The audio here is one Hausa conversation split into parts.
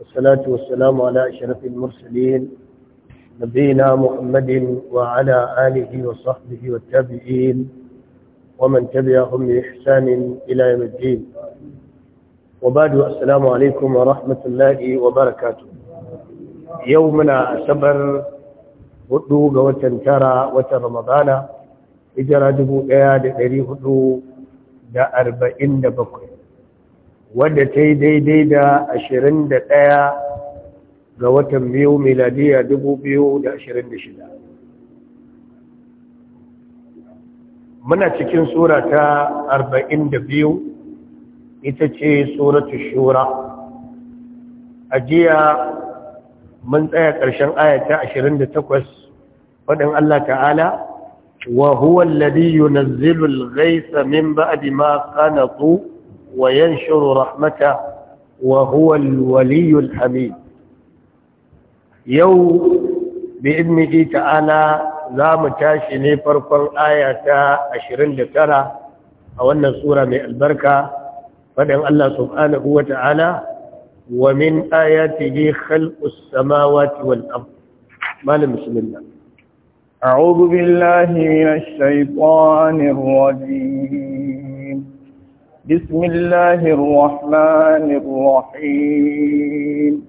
والصلاة والسلام على أشرف المرسلين نبينا محمد وعلى آله وصحبه والتابعين ومن تبعهم بإحسان إلى يوم الدين وبعد السلام عليكم ورحمة الله وبركاته يومنا أسبر هدو ga ترى tara watan ramadana hijira dubu daya da dari hudu wadda ta yi daidai da ashirin da ɗaya ga watan biyu miladiya dubu biyu da ashirin da shida muna cikin surata ta arba'in da biyu ita ce suratu shura a jiya mun tsaya ƙarshen ayata ashirin da takwas faɗin Allah ta'ala wa huwa alladhi yunazzilu al-ghaytha min ba'di ma qanatu وينشر رحمته وهو الولي الحميد يوم بإذنه تعالى za mu tashi ne farkon aya ta tara a wannan sura mai albarka faɗin Allah subhanahu wa ta'ala wa min ayatihi khalqus samawati wal ard malam bismillah a'udhu billahi minash shaitanir rajim بسم الله الرحمن الرحيم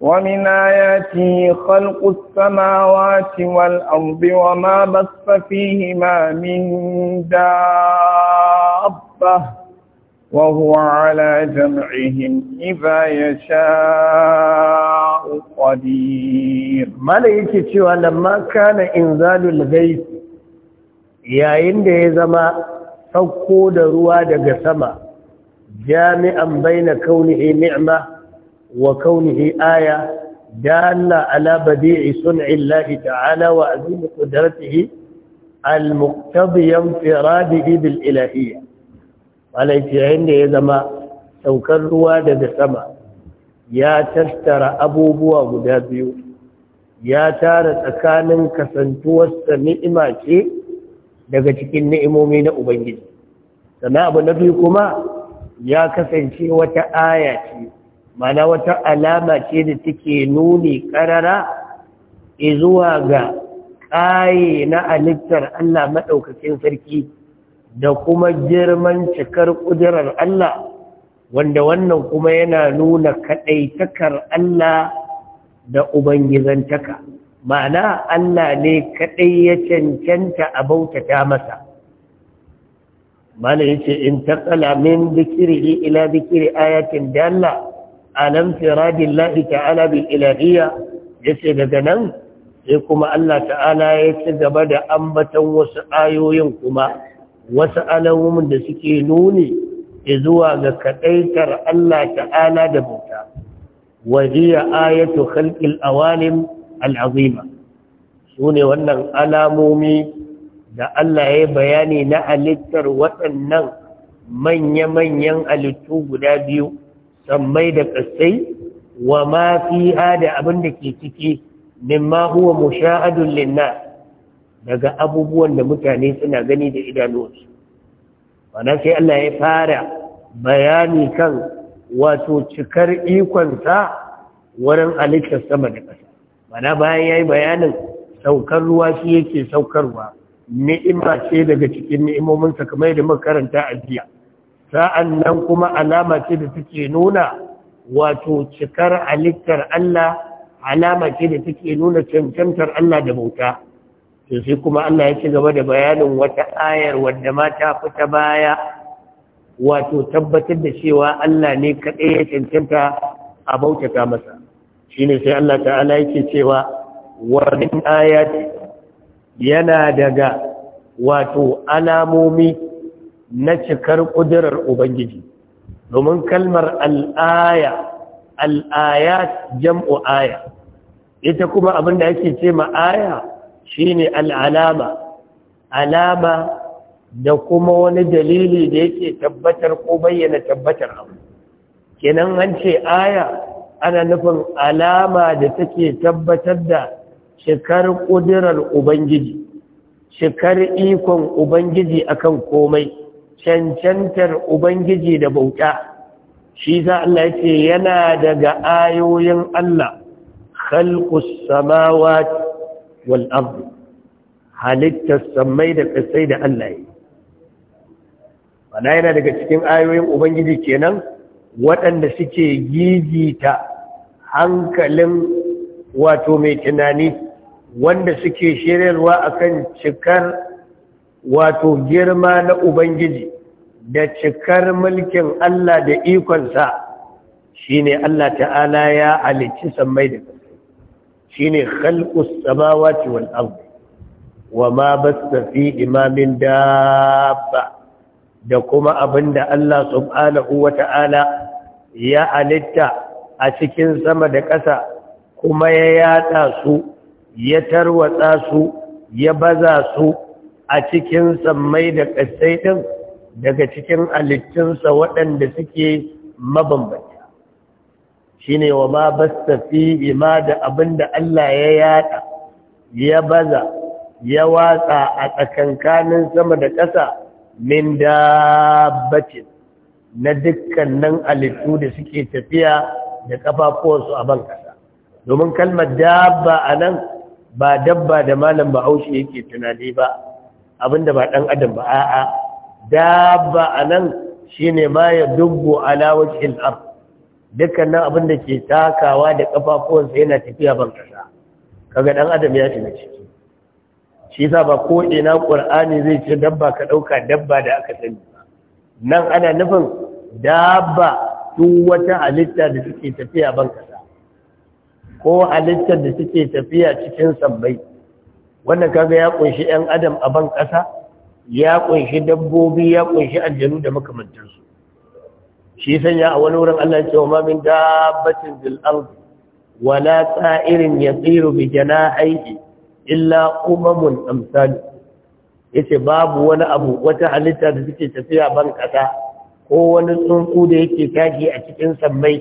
ومن آياته خلق السماوات والأرض وما بث فيهما من دابة وهو على جمعهم إذا يشاء قدير ما ليك لما كان إنزال الغيث يا إن زمان sauko da ruwa daga sama jami'an baina kaunihi ni'ma wa kaunihi aya dalla ala badi'i sun'i Allah ta'ala wa azim qudratihi al-muqtadi infiradihi bil ilahiyya alaiki da ya zama saukar ruwa daga sama ya tattara abubuwa guda biyu ya tara tsakanin kasantuwarsa ni'ima ce daga cikin ni'imomi na ubangiji sannan abu na biyu kuma ya kasance wata aya ce mana wata alama ce da take nuni ƙarara. Izuwa ga ƙaye na halittar Allah maɗaukacin sarki da kuma girman cikar ƙudurar Allah wanda wannan kuma yana nuna kaɗaitakar Allah da Ubangizantaka ma'ana Allah ne kaɗai ya cancanta a bautata masa malin yace in taqala min dhikrihi ila dhikri ayatin dalla alam firadillahi ta'ala bil ilahiyya yace daga nan sai kuma Allah ta'ala ya ci gaba da ambaton wasu ayoyin kuma wasu alamomin da suke nuni zuwa ga kaɗaitar Allah ta'ala da bauta wa hiya ayatu khalqil awalim al'azima su ne wannan alamomi da Allah ya bayani na halittar waɗannan manya-manyan alittu guda biyu sammai da ƙasai wa ma fi da abin da ke ciki mimma huwa musha'adun linna daga abubuwan da mutane suna gani da idanunsu wana sai Allah ya fara bayani kan wato cikar ikonsa wurin alittar sama da ƙasa mana bayan ya yi bayanin saukar ruwa shi yake saukarwa ni'ima ce daga cikin ni'imominsa kamar yadda muka karanta a jiya sa'an nan kuma alama ce da take nuna wato cikar alikar Allah alama ce da take nuna cancantar Allah da bauta to sai kuma Allah ya ci gaba da bayanin wata ayar wadda ma ta fita baya wato tabbatar da cewa Allah ne kaɗai ya cancanta a bautata masa Shi ne sai Allah ta'ala yake cewa wa ayat yana daga wato alamomi na cikar ƙudurar ubangiji domin kalmar al'aya al'ayat jam'u aya ita kuma abinda ake ce ma aya shine al'alama alama da kuma wani dalili da yake tabbatar ko bayyana tabbatar abu kenan an ce aya ana nufin alama da take tabbatar da shekar ƙudurar ubangiji shekar ikon ubangiji akan komai cancantar ubangiji da bauta shi za Allah ce yana daga ayoyin Allah khalqus samawati wal ardi halittar samai da ƙasai da Allah yi yana daga cikin ayoyin ubangiji kenan waɗanda suke gigita hankalin wato mai tunani wanda suke a akan cikar wato girma na ubangiji da cikar mulkin Allah da ikonsa shi ne Allah ta'ala ya halicci sammai da ƙasa shine khalqus samawati wal ma ba su fi imamin dabba da kuma abinda Allah subhanahu ta'ala. ya alitta a cikin sama da ƙasa kuma ya yada su ya tarwatsa su ya baza su a cikin sammai da ƙasai ɗin daga cikin alittunsa waɗanda suke mabambanta shi ne wa ma su tafi ma da abin da Allah ya yada ya baza ya watsa a tsakankanin sama da ƙasa min dabbacin na dukkanin alifu da suke tafiya da kafafuwansu a ban kasa domin kalmar dabba a nan ba dabba da malam bahaushe yake tunani ba abinda ba ɗan adam ba a'a dabba a nan ne ma ya dubbo ala wajhil dukkanin abin ke takawa da kafafuwansa yana tafiya ban kasa kaga dan adam ya shiga ciki shi yasa ba ko ina ƙur'ani zai ce dabba ka dauka dabba da aka sani ba nan ana nufin dabba duk wata halitta da suke tafiya ban kasa ko halittar da suke tafiya cikin sabbai wannan kaga ya kunshi ɗan adam a ban kasa ya kunshi dabbobi ya kunshi aljanu da makamantansu shi sanya a wani wurin Allah ya ce wa ma min dabbatin fil ardi ولا طائر يطير بجناحيه illa umamun amsal yace babu wani abu wata halitta da suke tafiya ban kasa ko wani tsunku da yake tashi a cikin sammai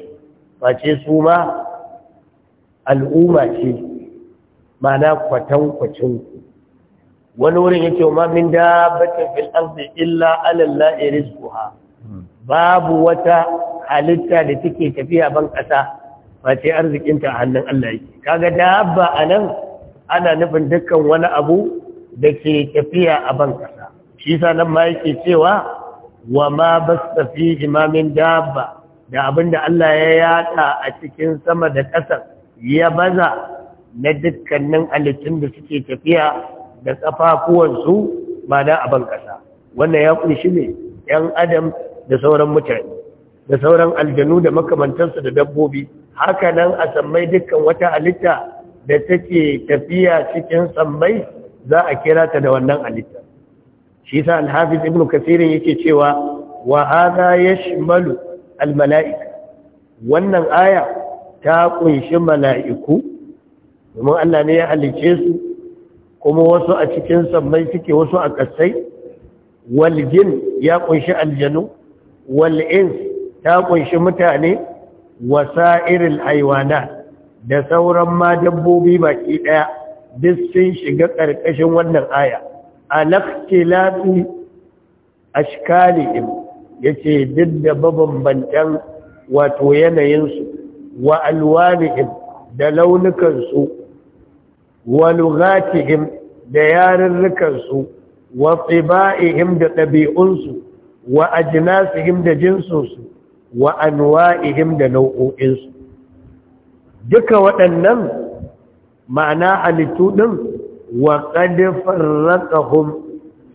face su ma al'umma ce mana kwatankwacin ku wani wurin yake ma min dabbatin fil da illa ala allahi babu wata halitta da take tafiya ban kasa face arzikinta a hannun Allah yake kaga a nan, ana nufin dukkan wani abu da ke tafiya a ban kasa shi sa nan ma yake cewa wa ma basta fihi ma dabba da abinda Allah ya yada a cikin sama da ƙasa ya baza na dukkanin halittun da suke tafiya da su ba da aban ƙasa wannan ya kunshi ne ‘yan adam da sauran mutane da sauran aljanu da makamantansu da dabbobi haka nan a sammai dukkan wata halitta da take tafiya cikin sammai za a kira ta da wannan halitta shi yasa alhafiz ibn kasirin yake cewa wa hadha yashmalu al-mala'ika wannan aya ta kunshi mala'iku domin Allah ne ya halice su kuma wasu a cikin sammai suke wasu a kasai wal ya kunshi aljanu wal ta kunshi mutane irin aiwana da sauran ma dabbobi baki ɗaya. duk sun shiga ƙarƙashin wannan aya alaktilafi ashkalihim yace duk da babambantan wato yanayinsu wa alwanihim da launukansu wa lugatihim da yarurrukansu wa tsiba'ihim da ɗabi'unsu wa ajinasihim da jinsunsu wa anwa'ihim da nau'o'insu duka waɗannan ma'ana halittu ɗin وقد فرقهم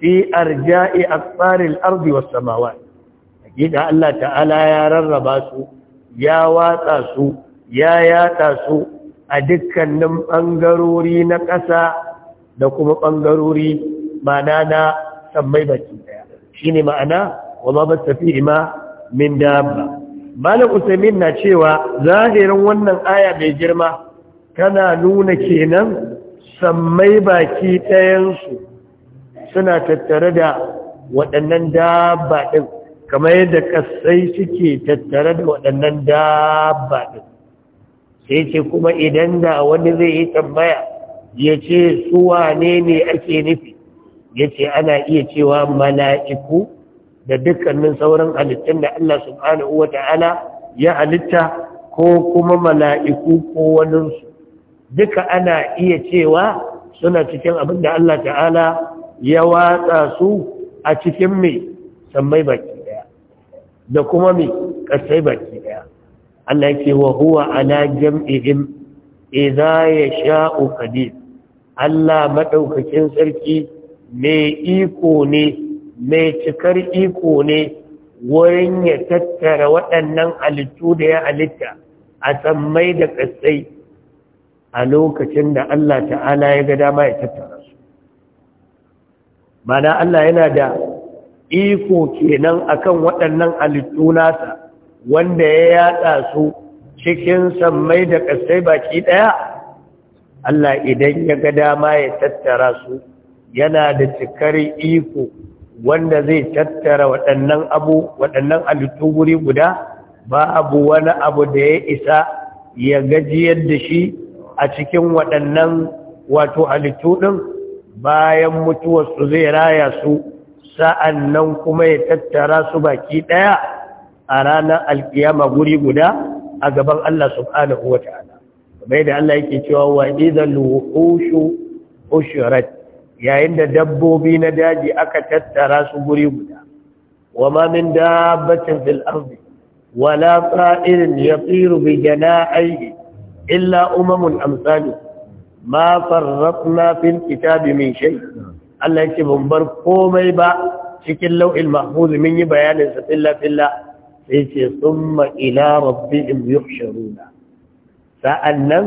في ارجاء اقطار الارض والسماوات أكيد الله تعالى يا رباسو يا واتاسو يا ياتاسو أدكنم أنقروري نقسا لكم da معنانا سمي بكي شيني معنا وما بس فيهما من دابة malam usaimin na cewa zahirin wannan aya mai girma kana nuna kenan sammai baki ɗayansu suna tattare da waɗannan dabba ɗin kamar yadda ƙasai suke tattare da waɗannan dabba ɗin sai ce kuma idan da wani zai yi tambaya ya ce suwa ne ne ake nufi ya ce ana iya cewa mala'iku da dukkanin sauran halittun da Allah subhanahu wa ta'ala ya halitta ko kuma mala'iku ko waninsu duka ana iya cewa suna cikin abin da Allah ta'ala ya watsa su a cikin mai sammai baki daya da kuma mai ƙasai baki daya Allah ke wa huwa ala jam'ihim idza yasha'u qadir Allah maɗaukakin sarki mai iko ne mai cikar iko ne wurin ya tattara waɗannan halittu da ya halitta a sammai da ƙasai a lokacin da Allah ta'ala ya ga dama ya tattara su mana Allah yana da iko kenan akan waɗannan halittu nasa wanda ya yada su cikin mai da kasai baki ɗaya Allah idan ya ga dama ya tattara su yana da cikar iko wanda zai tattara waɗannan abu waɗannan halittu guri guda babu wani abu da ya isa ya gajiyar da shi a cikin waɗannan wato halittu ɗin bayan mutuwarsu zai raya su sa'an nan kuma ya tattara su baki ɗaya a ranar alkiyama guri guda a gaban Allah subhanahu wa ta'ala. Bai da Allah yake cewa wa idan luhushu ushirat yayin da dabbobi na daji aka tattara su guri guda. Wa ma min wala fa'irin ya tsiru bi aiki. illa umamun amsalu ma farratna fil kitabi min shay Allah yake ban bar komai ba cikin lau'il mahfuz min yi bayanin sa illa billah sai ce summa ila rabbihim yuhsharuna sa'annan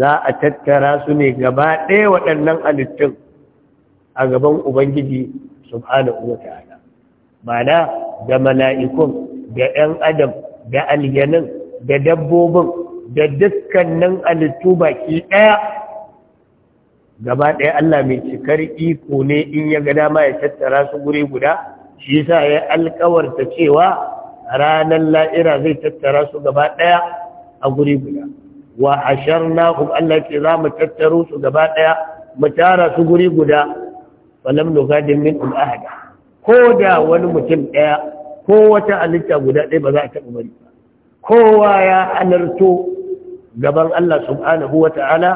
za a tattara su ne gaba ɗaya waɗannan halittun a gaban ubangiji subhanahu wa ta'ala mana da mala'ikun da 'yan adam da aljanin da dabbobin da dukkanin alittu baki ɗaya gaba ɗaya Allah mai cikar iko ne in ya ga dama ya tattara su guri guda shi yasa ya alƙawarta cewa ranar la'ira zai tattara su gaba ɗaya a guri guda wa asharna hum Allah ke za mu tattaro su gaba ɗaya mu tara su guri guda falam nugadin min um ahada ko da wani mutum ɗaya ko wata alitta guda ɗaya ba za a taɓa bari ba kowa ya halarto gaban Allah subhanahu wa ta'ala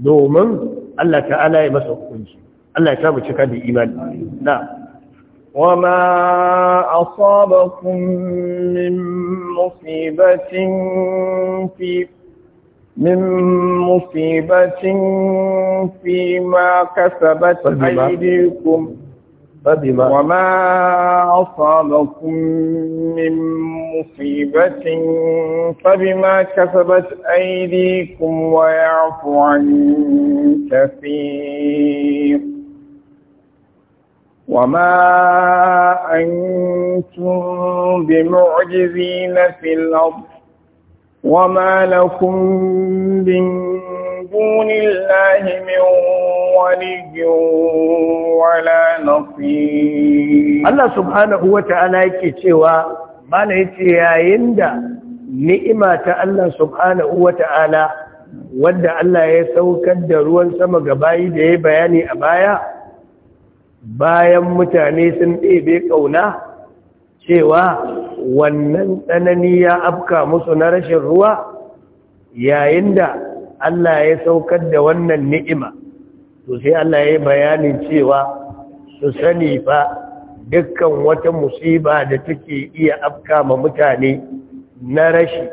domin Allah ta'ala ya masa hukunci Allah ya samu cika da imani na وما أصابكم من مصيبة في من مصيبة فيما كسبت أيديكم فبما وما أصابكم من مصيبة فبما كسبت أيديكم ويعفو عن كثير وما أنتم بمعجزين في الأرض وما لكم من دون الله من ولي ولا نصير الله سبحانه وتعالى yake cewa mana yace yayin da ni'ima ta Allah subhanahu wata'ala wanda Allah ya saukar da ruwan sama ga bayi da ya bayani a baya bayan mutane sun ɗebe ƙauna cewa wannan tsanani ya afka musu na rashin ruwa yayin da Allah ya saukar da wannan ni'ima to sai Allah ya yi bayanin cewa su sani fa dukkan wata musiba da take iya afka ma mutane na rashi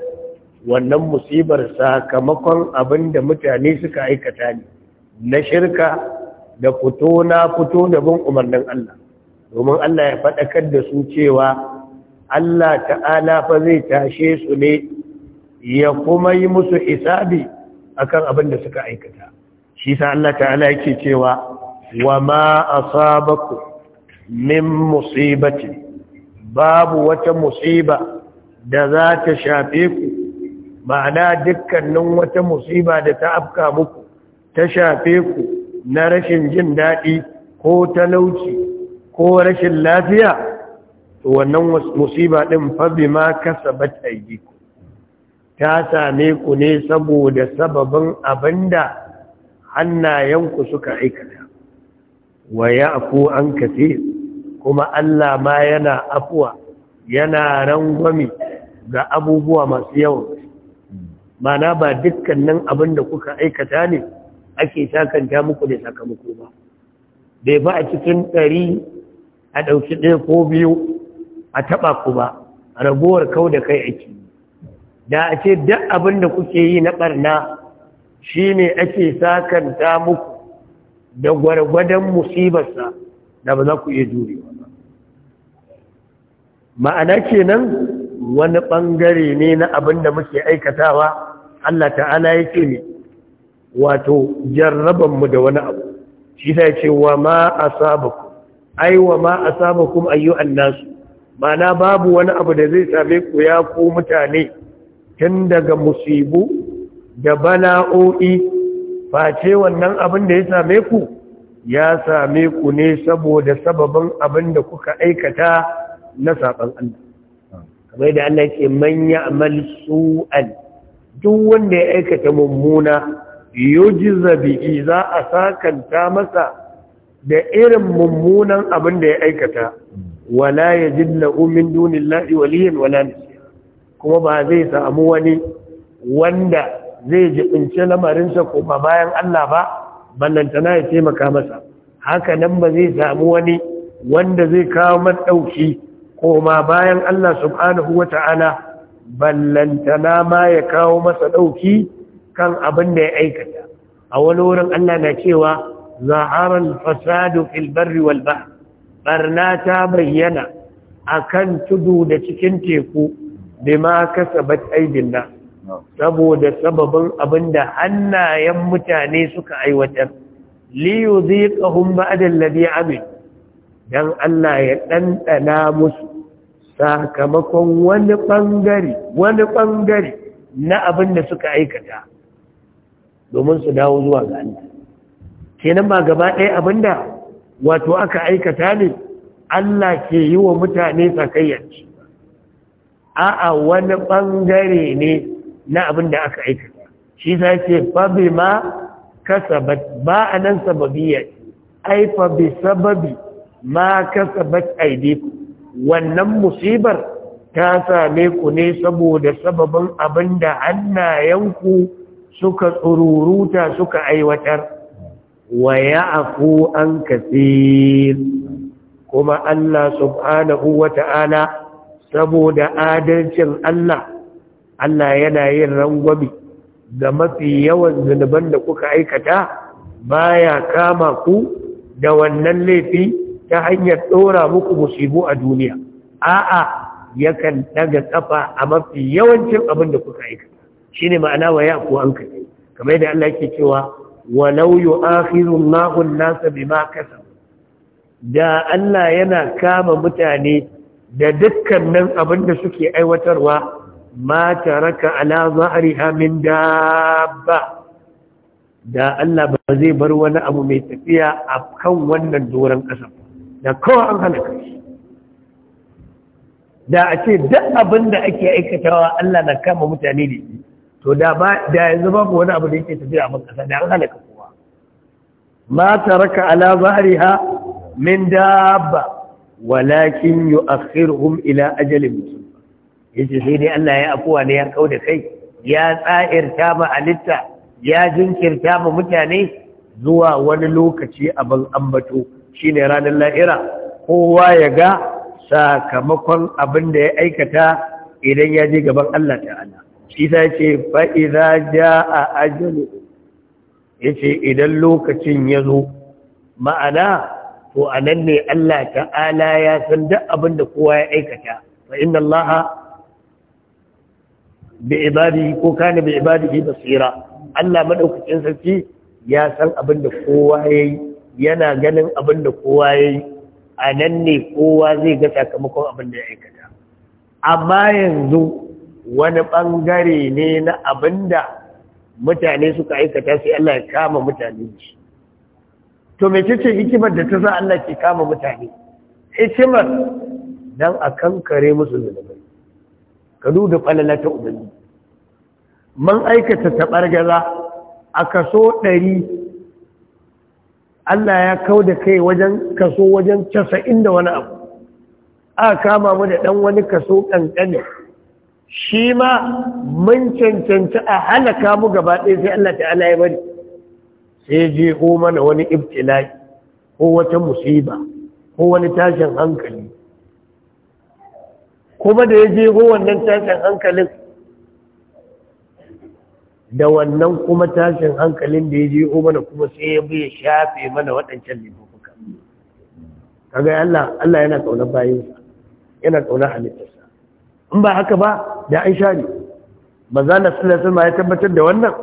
wannan musibar sakamakon abin da mutane suka aikata ne na shirka da fito na fito da bin umarnin Allah domin Allah ya faɗakar da su cewa Allah ta'ala fa zai tashe su ne ya kuma yi musu hisabi akan abin da suka aikata shi sa Allah ta'ala yake cewa wa ma asabaku min musibati babu wata musiba da za ta shafe ku ma'ana dukkanin wata musiba da ta afka muku ta shafe ku na rashin jin daɗi ko talauci ko rashin lafiya to wannan musiba ɗin fabi ma kasa ba ta same ku ne saboda sababin da. yanku suka aikata wa ya afu an kafe kuma Allah ma yana afuwa yana rangwami ga abubuwa masu yawa, mana ba dukkanin abin da kuka aikata ne ake takanta muku da sakamako ba bai ba a cikin ɗari a ɗauki ɗaya ko biyu a taɓa ku ba ragowar kau da kai ake da a ce duk abin da kuke yi na ɓarna shi ne ake sakanta muku da gwargwadon musibarsa da ba za ku iya jurewa ba ma'ana kenan wani ɓangare ne na abin da muke aikatawa Allah ta'ala ya ce ne wato jarrabanmu da wani abu shi ta ce wa ma a sabakum ai wa ma a sabakum ayyu nasu ma'ana babu wani abu da zai same ku ya ku mutane tun daga musibu da bala'o'i face wannan abin da ya same ku ya same ku ne saboda sababin abin da kuka aikata na saɓan Allah kamar da Allah ke manya amal su’al, duk wanda ya aikata mummuna yujiza bihi za a sakanta masa da irin mummunan abin da ya aikata wala ya jidla umin dunin la'i waliyin wala kuma ba zai samu wani wanda zai jibince lamarinsa koma bayan Allah ba ballantana ya taimaka masa haka nan ba zai samu wani wanda zai kawo maɗauki koma bayan Allah subhanahu wa ta'ala ballantana ma ya kawo masa ɗauki kan abin da ya aikata a wani wurin Allah na cewa zaharar fasadu filbarri walba barna ta bayyana a kan tudu da cikin teku bima kasa bat saboda sababin abinda hannayen mutane suka aiwatar liyu zai ba'adal biya amin don Allah ya ɗanɗana musu sakamakon wani ɓangare wani ɓangare na abin da suka aikata domin su dawo zuwa ga Allah kenan ba gaba ɗaya abin da wato aka aikata ne Allah ke yi wa mutane sakayyanci a'a wani ɓangare ne na abin da aka aika. shi za ce fabi ma kasabat ba a nan sababiyya ai fabi sababi ma kasabat aidiku wannan musibar ta same ku ne saboda sababin abin da hannayenku suka tsururuta suka aiwatar wa ya'fu an kaseer kuma Allah subhanahu wata'ala saboda adalcin Allah Allah yana yin rangwami ga mafi yawan zunuban da kuka aikata baya kama ku da wannan laifi ta hanyar ɗora muku musibu a duniya a'a yakan daga kafa a mafi yawancin abin da kuka aikata shine ma'ana wa ya an kai kamar yadda Allah yake cewa walau yu'akhiru Allahu an-nasa bima kasab da Allah yana kama mutane da dukkanin abin da suke aiwatarwa ma taraka ala zahriha min dabba da Allah ba zai bar wani abu mai tafiya a kan wannan doron ƙasa da kawai an hana kashi. da a ce duk abin da ake aikatawa Allah na kama mutane ne. to da ba da yanzu babu wani abu da yake tafiya a ƙasa da an hana kowa ma taraka ala zahriha min dabba walakin yu'akhiruhum ila ajalin musamma yace sai dai Allah ya afuwa ne ya kau da kai ya tsa'irta ma alitta ya jinkirta ma mutane zuwa wani lokaci abin ambato shine ranar la'ira kowa ya ga sakamakon abin da ya aikata idan ya je gaban Allah ta'ala shi ta ce fa'iza ja a ajalu ya idan lokacin ya zo ma'ana to a nan ne Allah ta'ala ya san duk abin da kowa ya aikata fa inna Allah bi ibadi ko kana bi basira Allah madaukakin sarki ya san abin da kowa yayi yana ganin abin da kowa yayi a nan ne kowa zai ga sakamakon abin da ya aikata amma yanzu wani bangare ne na abin da mutane suka aikata sai Allah ya kama mutane shi to me hikimar da ta sa Allah ke kama mutane hikimar dan a kare musu zunubi Kadu da falala ta ubangi man aikata taɓargaza a kaso ɗari Allah ya kau da kai wajen kaso wajen casa'in da wani abu a kama mu da ɗan wani kaso ƙanƙanin shi ma mun cancanci a halaka mu gaba ɗaya sai Allah ta'ala ya bari sai je ko mana wani ibtila'i ko wata musiba ko wani tashin hankali kuma da ya je jego wannan tashin hankalin da wannan kuma tashin hankalin da ya jego mana kuma sai ya biya shafe mana waɗancan Ka kaga Allah Allah yana kauna bayinsa yana kauna halittarsa in ba haka ba da an share maza na sallallahu alaihi ya tabbatar da wannan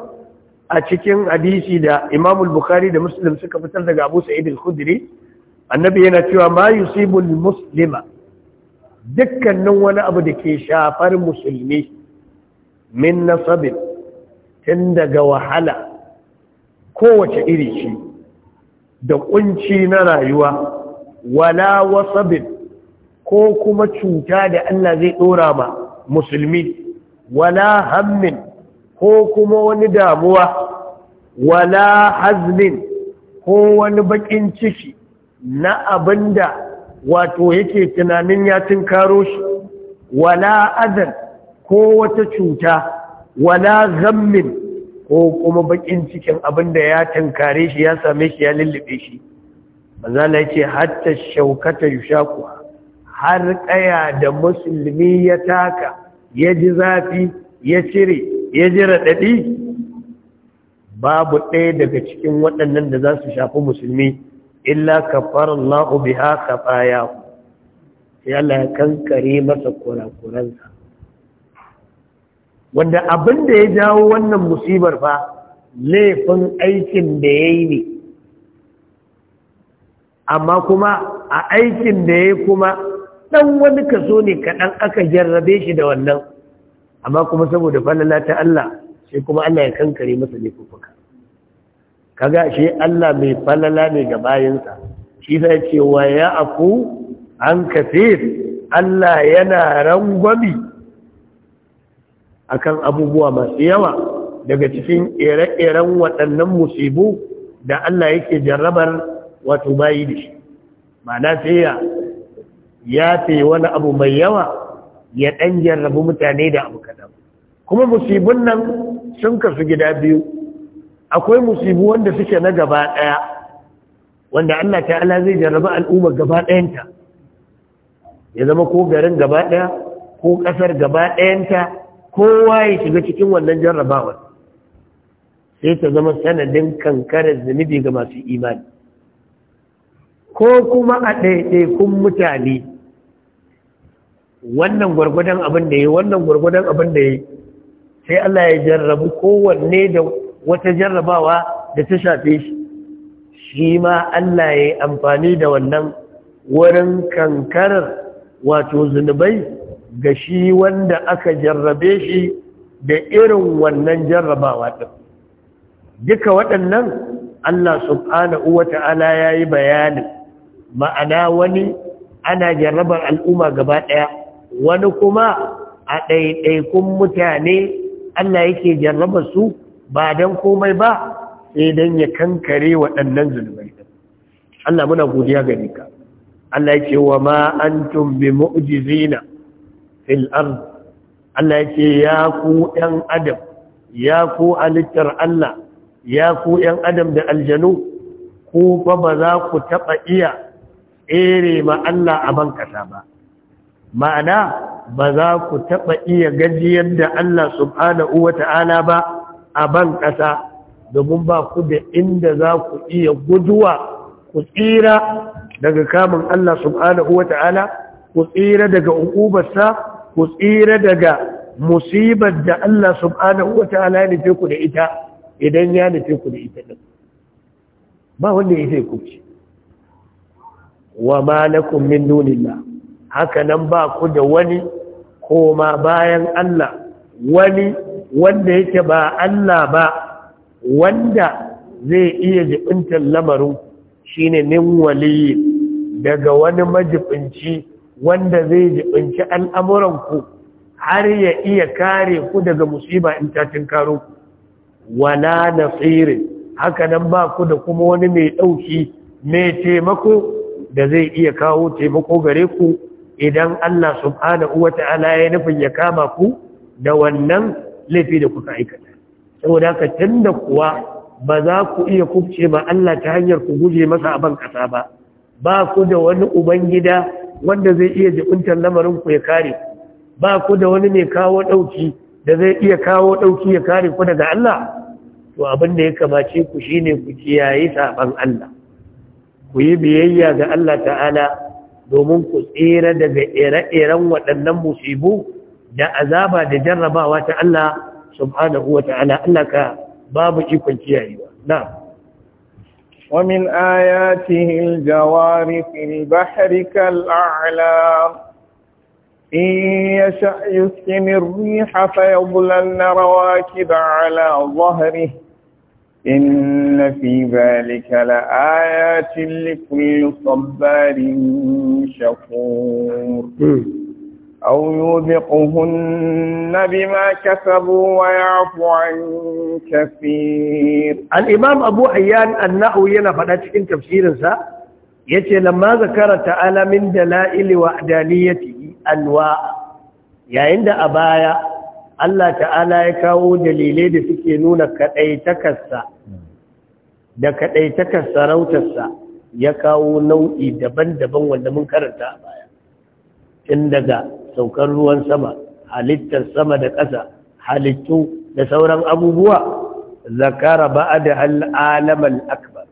a cikin hadisi da Imamul bukhari da Muslim suka fitar daga Abu Sa'id al-Khudri annabi yana cewa ma yusibul muslima dukkanin wani abu da ke shafar musulmi min nasabin tun daga wahala kowace iri ce da kunci na rayuwa wala wasabin ko kuma cuta da Allah zai ɗora ma musulmi wala hammin ko kuma wani damuwa wala hazmin ko wani bakin ciki na abinda wato yake tunanin ya karo shi wala adan ko wata cuta wala zammin ko kuma bakin cikin abin da ya tankare shi ya same shi ya lullube shi manzala yake hatta shaukata yushaku har kaya da musulmi ya taka ya ji zafi ya cire ya ji radadi babu ɗaya daga cikin waɗannan da za su shafi musulmi illa kafar, Allah biha kafaya sai Allah kankare masa kurakuransa wanda abin da ya jawo wannan musibar fa laifin aikin da ya yi ne amma kuma a aikin da ya kuma ɗan wani kaso ne kaɗan aka jarrabe shi da wannan amma kuma saboda falala ta Allah sai kuma Allah ya kankare masa laifuka kaga shi Allah mai falala ne ga bayansa shi sai ce wa ya afu an kafir Allah yana rangwami akan abubuwa masu yawa daga cikin ire-iren waɗannan musibu da Allah yake jarrabar wato bayi da shi ma'ana sai ya ya fi wani abu mai yawa ya ɗan jarrabu mutane da abu kaɗan kuma musibun nan sun kasu gida biyu akwai musibu wanda suke na gaba daya wanda Allah ta'ala zai jarraba al'umma gaba dayanta ya zama ko garin gaba daya ko ƙasar gaba dayanta kowa ya shiga cikin wannan jarrabawa sai ta zama sanadin kankarar zunubi ga masu imani ko kuma a ɗaiɗaikun mutane wannan gwargwadon abin da ya yi wannan gwargwadon abin da ya yi sai Allah ya jarrabu kowanne da wata jarrabawa da ta shafe shi shi ma Allah ya yi amfani da wannan wurin kankarar wato zunubai ga shi wanda aka jarrabe shi da irin wannan jarrabawa ɗin duka waɗannan Allah subhanahu wa ta'ala ya yi bayanin ma'ana wani ana jarrabar al'umma gaba ɗaya wani kuma a ɗaiɗaikun mutane Allah yake jarrabar su ba don komai ba sai don ya kankare waɗannan zunubai Allah muna godiya ga ka Allah yake wa ma antum bi mu'jizina fil ard Allah yake ya ku ɗan adam ya ku halittar Allah ya ku ɗan adam da aljanu ku ba ba za ku taɓa iya tsere ma Allah a kasa ba ma'ana ba za ku taɓa iya gajiyar da Allah subhanahu wa ta'ala ba a ban ƙasa domin ba ku da inda za ku iya guduwa ku tsira daga kamun Allah subhanahu wata'ala ku tsira daga ukubarsa ku tsira daga musibar da Allah subhanahu wata'ala ya nufi ku da ita idan ya nufi ku da ita ɗin, ba wanda ya zai kuce wa ma lakum min dunillah haka nan ba ku da wani koma bayan Allah wani wanda yake ba Allah ba wanda zai iya jibintar lamarin shine min waliyi daga wani majibinci wanda zai jibinci al'amuranku har ya iya kare ku daga musiba in ta karo ku wala nasirin haka nan ba ku da kuma wani mai ɗauki mai taimako da zai iya kawo taimako gare ku idan Allah subhanahu wa ta'ala ya nufin ya kama ku da wannan laifi da kuka aikata saboda haka tunda kuwa ba za ku iya kubce ma Allah ta hanyar ku guje masa a ban kasa ba ba ku da wani ubangida wanda zai iya jikuntar lamarin ku ya kare ba ku da wani mai kawo dauki da zai iya kawo dauki ya kare ku daga Allah to abin da ya kamace ku shine ku kiyaye saban Allah ku yi biyayya ga Allah ta'ala domin ku tsira daga ire-iren waɗannan musibu da azaba da jarrabawa ta Allah subhanahu wa ta'ala Allah ka babu ikon kiyayewa na'am wa min ayatihi aljawari fil bahri kal'ala in yasha yusmi ar-riha fayadhlalna rawakib ala dhahrihi إن في ذلك لآيات لكل صبار شكور Auyobi kuhun Nabima kyasabuwa ya fi wani tafiyar. Al'imam Abu'a ya yi annahu yana faɗa cikin tafsirinsa, ya ce "Lammata karanta alamin da la'iluwa a daliyyatu da a baya, Allah Ta'ala Ya kawo dalilai da suke nuna da kadai takas sarautarsa ya kawo nau'i daban-daban wanda mun karanta a baya. saukar ruwan sama halittar sama da ƙasa halittu da sauran abubuwa zakara ba da al'alamal akbar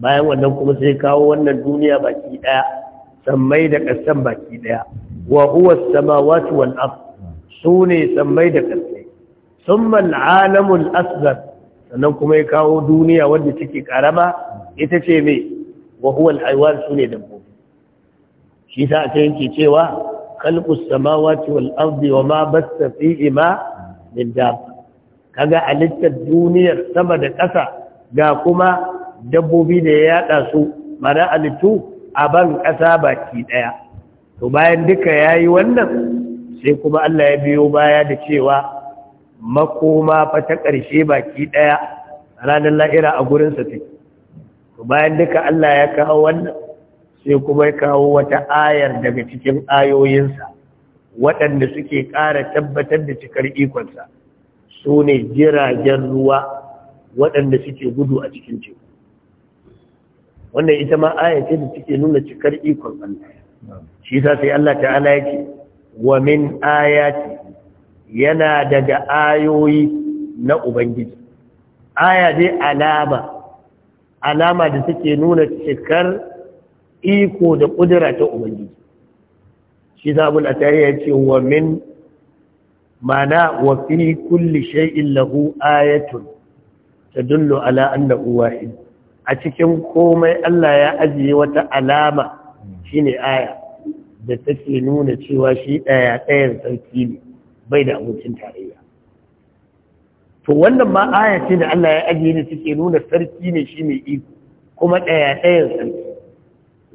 bayan wannan kuma sai kawo wannan duniya baki ɗaya sammai da ƙasan baki ɗaya wa huwa wasu wal ard su ne sammai da ƙasai summa al'amun asgar sannan kuma ya kawo duniya wanda take ƙarama? ita ce me wa huwa al'aywan su ne dabbobi shi sa aka yanke cewa Kalbu samawati wal ardi wa ma basta ma min kaga halittar duniyar sama da ƙasa ga kuma dabbobi da ya yada su mana alitu a ban ƙasa baki ɗaya to bayan duka yayi wannan sai kuma Allah ya biyo baya da cewa makoma fa ta ƙarshe baki ɗaya ranar la'ira a gurinsa ce. to bayan duka Allah ya kawo wannan sai kuma kawo wata ayar daga cikin ayoyinsa waɗanda suke ƙara tabbatar da cikar ikonsa su ne jiragen ruwa waɗanda suke gudu a cikin teku wannan ita ma ayyace da take nuna cikar ikon Allah shi yasa sai Allah ta'ala yake wa min ayati yana daga ayoyi na ubangiji aya dai alama alama da take nuna cikar iko da ƙudura ta ubangiji shi tare ya ce wa min mana wa fi kulli shay'in lahu ayatun tadullu ala annahu wahid a cikin komai Allah ya ajiye wata alama shine aya da take nuna cewa shi ɗaya ɗayan sarki ne bai da abokin tarayya to wannan ma aya ce da Allah ya ajiye ne take nuna sarki ne shi mai iko kuma ɗaya ɗayan sarki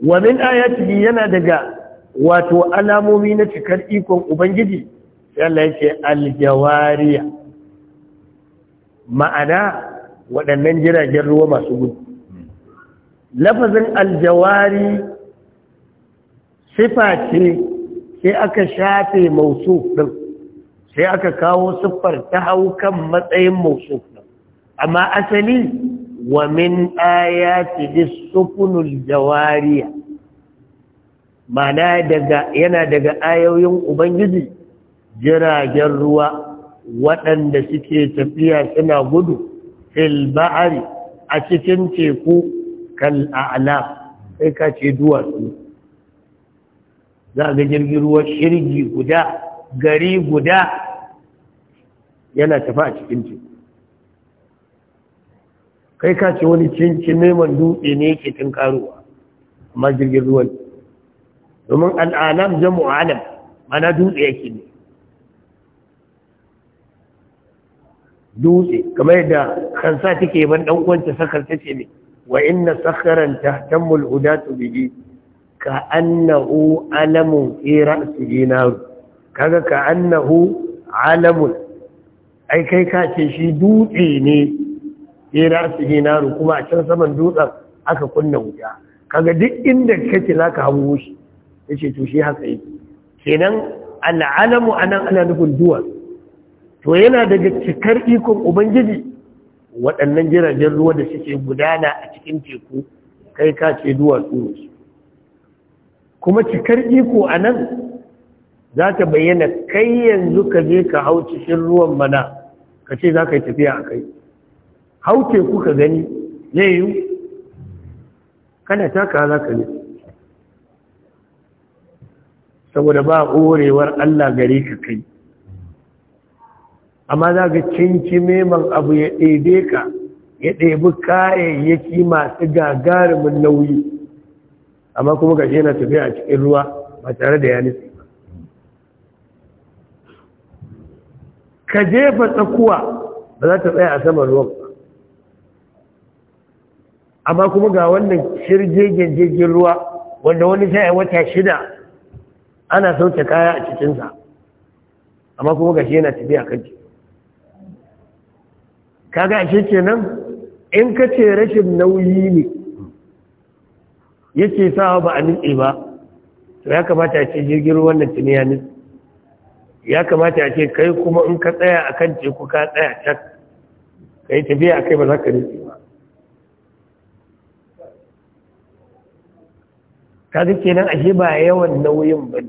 wa min ayatihi yana daga wato alamomi na cikar ikon ubangiji sai Allah ya aljawariya ma'ana waɗannan jiragen ruwa masu gudu lafazin aljawari sifa ce sai aka shafe mausu ɗin sai aka kawo siffar ta hau kan matsayin mausu ɗin amma asali wa min ayati sukunul jawariya mana daga yana daga ayoyin ubangiji jiragen ruwa waɗanda suke tafiya suna gudu fil ba'ari a cikin teku kal a'la sai ka ce duwatsu za ga jirgin ruwa shirgi guda gari guda yana tafa a cikin teku kai ka ce wani cincin neman dutse ne yake tun karuwa amma jirgin ruwan. domin al'anam jamu alam mana dutse yake ne dutse kamar yadda kansa take ban dan uwanta ta ce ne wa inna ta tahtammu mulhuda udatu biji ka annahu alamun su yi naru. kaga ka annahu alamun ai kai ka ce shi dutse ne fi yi naru kuma a can saman dutsen aka kunna wuta kaga duk inda kake ka hango shi ce to shi haka yi. kenan al'alamu anan ana nufin duwar to yana daga cikar ikon ubangiji waɗannan jiragen ruwa da suke gudana a cikin teku kai ka ce duwatsu ne kuma cikar iko a nan za ta bayyana kai yanzu ka je ka hau cikin ruwan mana ka ce za ka yi tafiya a kai hauke kuka gani zai yi ta taka za ka ne saboda ba orewar Allah gare ka kai amma za ka cinci meman abu ya ɗebe ka ya ɗebi kayayyaki masu gagarumin nauyi amma kuma ga yana tafiya a cikin ruwa ba tare da yanis ka jefa tsakuwa ba za ta tsaya a saman ruwan ba amma kuma ga wannan shirgegen jirgin ruwa wanda wani sai a wata shida ana sauta kaya a cikinsa amma kuma ga shi yana tafiya kan ce kaga a shi kenan in ka ce rashin nauyi ne yake sawa ba a nutse ba to ya kamata a ce jirgin ruwan nan tuni ya nutse ya kamata a ce kai kuma in ka tsaya a kan teku ka tsaya can ka yi tafiya a kai ba za ka nutse ba kaga kenan ashe ba yawan nauyin ba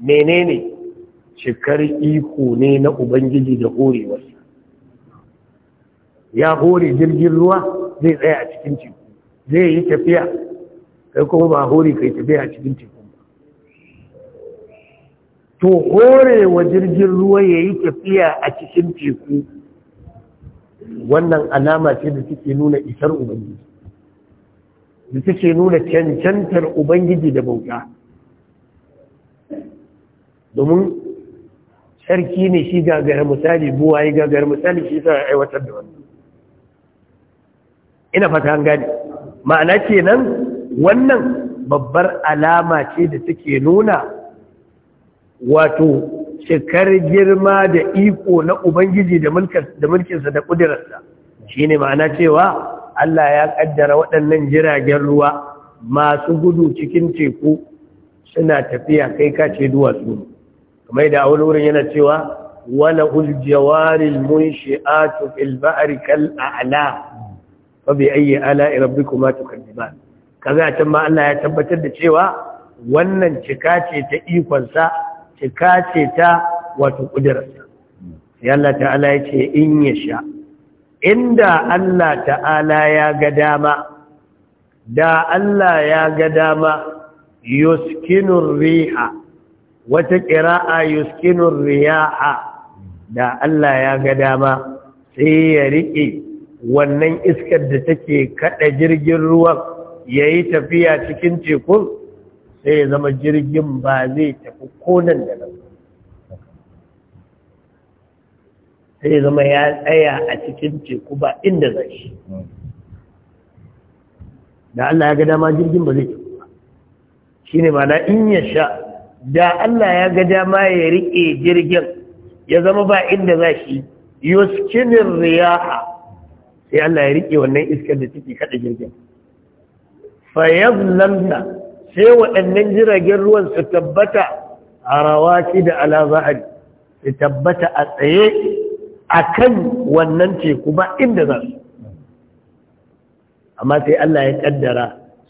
menene cikar iko ne na ubangiji da horewarsa ya hore jirgin ruwa zai tsaya a cikin teku zai yi tafiya kai kuma ba hore kai tafiya a cikin teku ba to horewa jirgin ruwa ya yi tafiya a cikin teku wannan alama ce da take nuna isar ubangiji da take nuna cancantar ubangiji da bauta domin sarki ne shi gagara misali buwa yi gagara misali shi sa aiwatar da wannan ina fata an gani ma'ana kenan wannan babbar alama ce da take nuna wato shekar girma da iko na ubangiji da mulkinsa da ƙudurarsa shi ne ma'ana cewa Allah ya kaddara waɗannan jiragen ruwa masu gudu cikin teku suna tafiya kai kace duwatsu kamar da wani wurin yana cewa wala uljawaril munshi'atu fil bahr kal a'la fa bi ayyi ala rabbikuma tukadiban kaza tan ma Allah ya tabbatar da cewa wannan cikace ce ta ikon sa cika ta wato kudirarsa sai Allah ta'ala ya sha. in yasha inda Allah ta'ala ya ga dama da Allah ya ga dama yuskinur riha wata ƙira'a yuskinur riyaa, da Allah ya ga dama sai ya riƙe wannan iskar da take kaɗa jirgin ruwan ya yi tafiya cikin tekun sai ya zama jirgin ba zai tafi konan da nan sai zama ya tsaya a cikin teku ba inda zai shi da Allah ya ga dama jirgin ba zai teku ba shi ne ma in ya sha da Allah ya ga dama ya riƙe jirgin ya zama ba inda za shi yuskinin riyaha sai Allah ya riƙe wannan iskar da ciki kada jirgin fayyazlanta sai waɗannan jiragen ruwan su tabbata a rawaki da alazahari su tabbata a tsaye a kan wannan teku ba inda za su amma sai Allah ya kaddara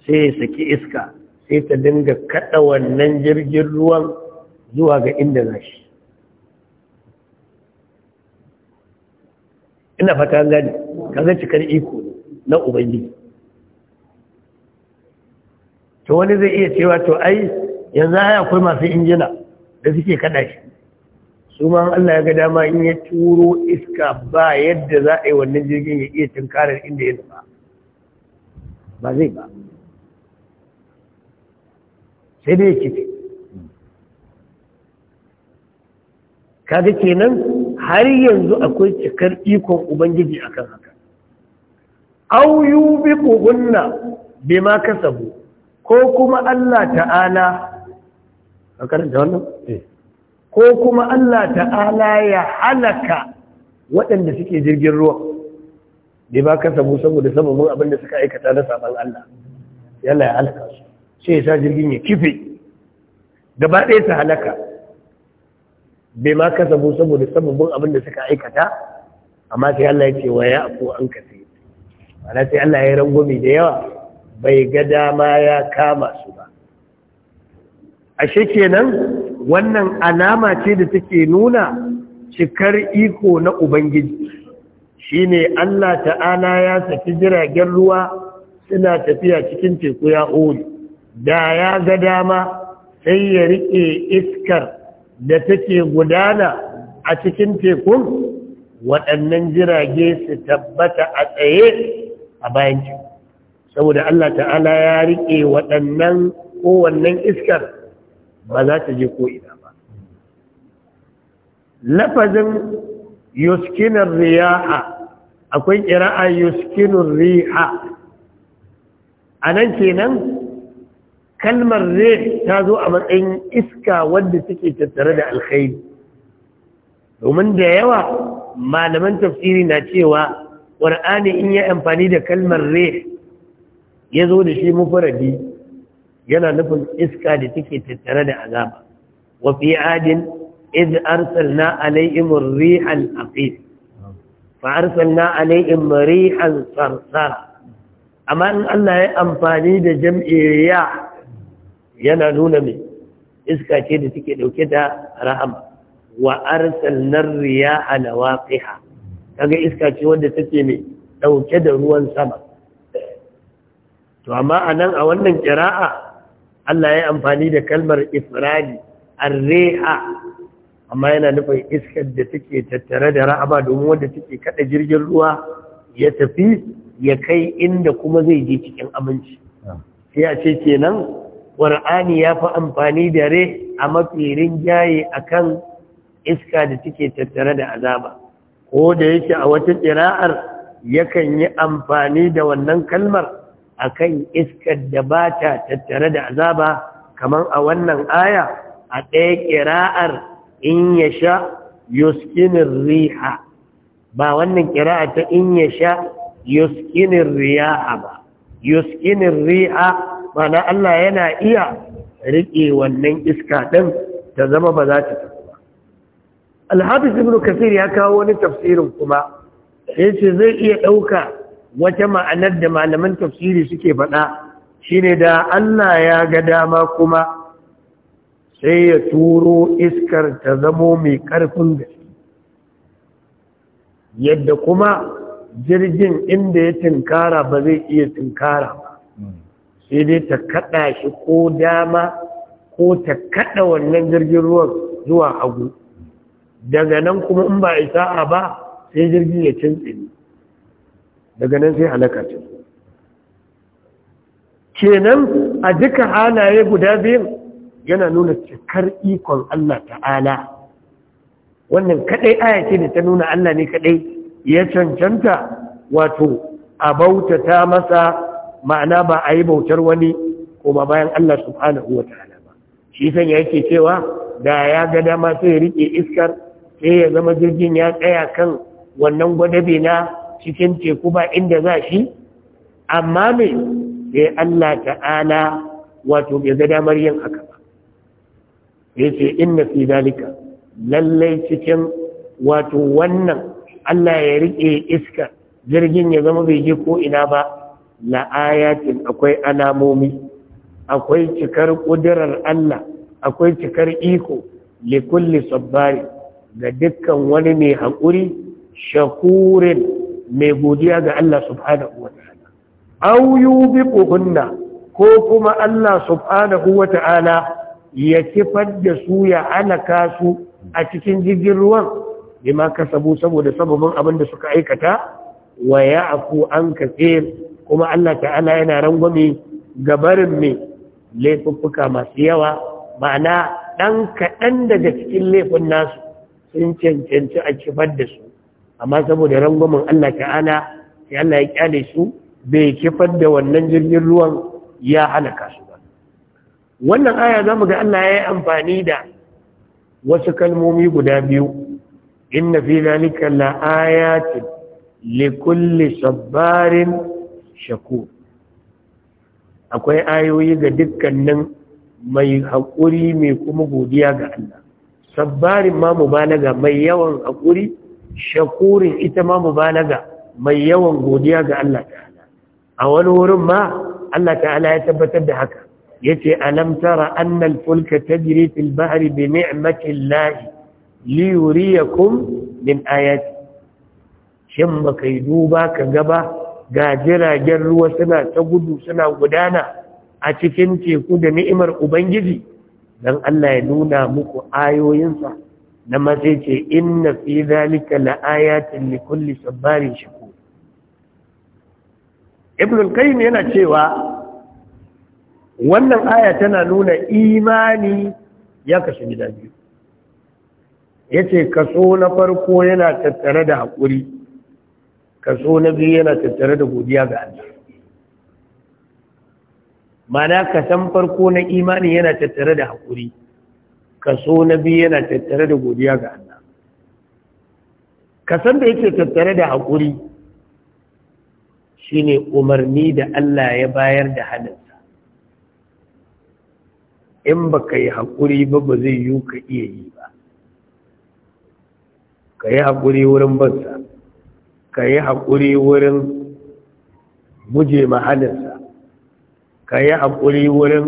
sai ya saki iska sai ta dinga kada wannan jirgin ruwan zuwa ga inda za shi ina fata gani kaga cikar iko na ubangiji to wani zai iya cewa to ai yanzu haya akwai masu injina da suke kada shi su ma Allah ya ga dama in ya turo iska ba yadda za a yi wannan jirgin ya iya tunkarar inda ya nufa ba zai ba sai dai kife kaga kenan har yanzu akwai cikar ikon ubangiji akan haka au yubiquhunna ma kasabu ko kuma Allah ta'ala ka karanta wannan eh ko kuma Allah ta'ala ya halaka waɗanda suke jirgin ruwa da ba ka samu saboda sababin abinda suka aikata na sabon Allah yalla ya halaka su sai ya sa jirgin ya kife gaba ɗaya su halaka bai ma ka samu saboda sababin abinda suka aikata amma sai Allah ya ce wa ya afu an kasi ana sai Allah ya rangwami da yawa bai ga dama ya kama su ba ashe kenan wannan alama ce da take nuna cikar iko na ubangiji shine Allah ta'ala ya saki jiragen ruwa suna tafiya cikin teku ya ulu da ya ga dama sai ya riƙe iskar da take gudana a cikin tekun waɗannan jirage su tabbata a tsaye a bayan saboda Allah ta'ala ya riƙe waɗannan kowannan iskar ba za ta je ko ina ba lafazin yuskinar riya'a akwai ƙira'a yuskinar riya'a a nan kenan kalmar zai ta zo a matsayin iska wadda take tattare da alkhairi domin da yawa malaman tafsiri na cewa ƙwar'ani in ya amfani da kalmar zai ya zo da shi mufaradi yana nufin iska da take tattare da azaba wa fi adin iz arsalna alaihim rihal aqim fa arsalna alaihim rihan sarsara amma in Allah ya amfani da jam'i ya yana nuna mai iska ce da take dauke da rahama wa arsalnar riyaha lawaqiha kaga iska ce wanda take mai dauke da ruwan sama to amma anan a wannan qira'a Allah ya yi amfani da kalmar ifradi arreha amma yana nufin iskar da take tattare da ra'aba domin wanda take kada jirgin ruwa ya tafi ya kai inda kuma zai je cikin aminci ah. sai a ce kenan qur'ani ya fi amfani da re a mafirin jaye akan iska da take tattare da azaba ko da yake a wata ƙira'ar yakan yi amfani da wannan kalmar akan iskar da ba ta tattare da azaba kamar a wannan aya a ɗaya ƙira'ar in ya sha yuskinin riha ba wannan ƙira'a ta in ya sha yuskinin riha ba yuskinin riha na Allah yana iya riƙe wannan iska ɗin ta zama ba za ta tafi ba Alhafi ibn kasir ya kawo wani tafsirin kuma sai zai iya ɗauka wata ma'anar da malaman tafsiri suke faɗa shine da Allah ya ga dama kuma sai ya turo iskar ta zamo mai ƙarfin gaske yadda kuma jirgin inda ya tunkara ba zai iya tunkara ba sai dai ta kaɗa shi ko dama ko ta kaɗa wannan jirgin ruwan zuwa hagu daga nan kuma in ba isa'a ba sai jirgin ya cin tsini daga nan sai halaka ce kenan a duka halaye guda biyun yana nuna cikar ikon Allah ta'ala wannan kadai aya ce da ta nuna Allah ne kadai ya cancanta wato a bautata masa ma'ana ba a yi bautar wani kuma bayan Allah subhanahu wa ta'ala ba shi san yake cewa da ya ga dama sai ya rike iskar sai ya zama jirgin ya tsaya kan wannan gwadabe na cikin teku ba inda za shi amma me sai Allah ta'ala wato bai ga damar haka ba yace inna fi zalika lallai cikin wato wannan Allah ya riƙe iska jirgin ya zama bai ji ko ina ba la ayatin akwai alamomi akwai cikar ƙudurar Allah akwai cikar iko li sabbari ga dukkan wani mai haƙuri shakurin mai godiya ga Allah subhanahu wa ta'ala aw yubiquhunna ko kuma Allah subhanahu wa ta'ala ya kifar da su ya alaka su a cikin jirgin ruwan bima kasabu saboda sababin abin da suka aikata wa ya'fu an kaseer kuma Allah ta'ala yana rangwame barin mai laifuffuka masu yawa ma'ana ɗan kaɗan daga cikin laifin nasu sun cancanci a kifar da su amma saboda rangwamin Allah ta'ala sai Allah ya kyale su bai kifar da wannan jirgin ruwan ya halaka su ba wannan aya za mu ga Allah ya yi amfani da wasu kalmomi guda biyu inna fi zalika la ayatin li kulli sabarin shaku" akwai ayoyi ga dukkanin mai haƙuri mai kuma godiya ga Allah sabbarin ma mu mubalaga mai yawan haƙuri shakurin ita ma mubalaga mai yawan godiya ga Allah ta'ala a wani wurin ma Allah ta'ala ya tabbatar da haka Ya ce tara anna al-fulka tajri fil bahri bi ni'mati Allah li min ayati shin baka yi duba ka gaba ga jiragen ruwa suna ta gudu suna gudana a cikin teku da ni'imar ubangiji Don Allah ya nuna muku ayoyinsa Na ma sai ce inna fi zalika la'ayatin li kulli sabarin shakur ibn al yana cewa wannan aya tana nuna imani ya kashe gida biyu yace kaso na farko yana tattare da hakuri kaso na biyu yana tattare da godiya ga Allah mana kasan farko na imani yana tattare da hakuri kaso na biyu yana tattare da godiya ga Allah kasan da yake tattare da haƙuri shine umarni da Allah ya bayar da halinsa in ba ka yi haƙuri ba ba zai yi ka iya yi ba ka yi haƙuri wurin bansa ka yi haƙuri wurin guje mahalinsa ka yi haƙuri wurin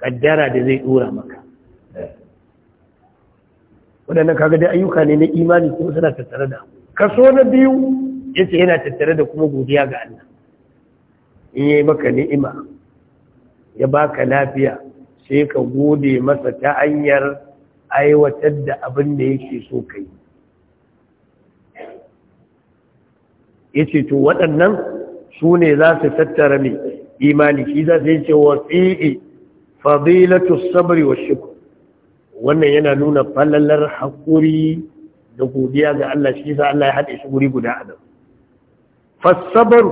ƙaddara da zai ɗora maka waɗannan kaga dai ayyuka ne na imani kuma suna tattare da kaso na biyu ya ce yana tattare da kuma godiya ga Allah in yayi maka ni'ima ya baka lafiya sai ka gode masa ta hanyar aiwatar da abin da yake so kai ce to waɗannan su ne za su tattara mai imani shi za su yi ce wa fi'i fadilatu sabri wa shukr wannan yana nuna falalar haƙuri da godiya ga Allah shi sa Allah ya haɗe shi guri guda adam fassabar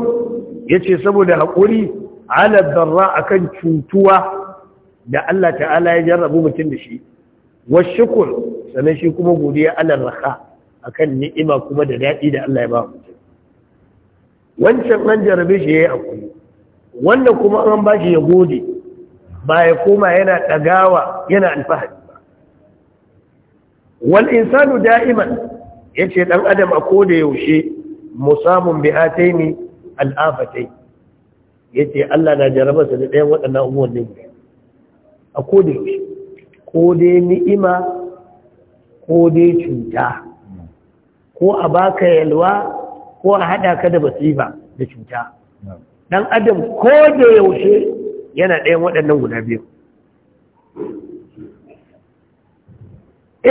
ya ce saboda haƙuri ala darra akan cutuwa da Allah ta'ala ya jarrabu mutum da shi wa shukur sannan shi kuma godiya ala raka akan ni'ima kuma da daɗi da Allah ya ba mutum wancan an jarrabe shi ya yi haƙuri wannan kuma an ba shi ya gode ba ya koma yana dagawa yana alfahari wal insanu da'iman yace dan adam a koda yaushe musamun bi ne al'afatai. afatai yace Allah na jarabarsa da ɗayan waɗannan abubuwan ne a koda yaushe ko dai ni'ima ko dai cuta ko a baka yalwa ko a hada ka da basiba da cuta dan adam ko yaushe yana ɗayan waɗannan guda biyu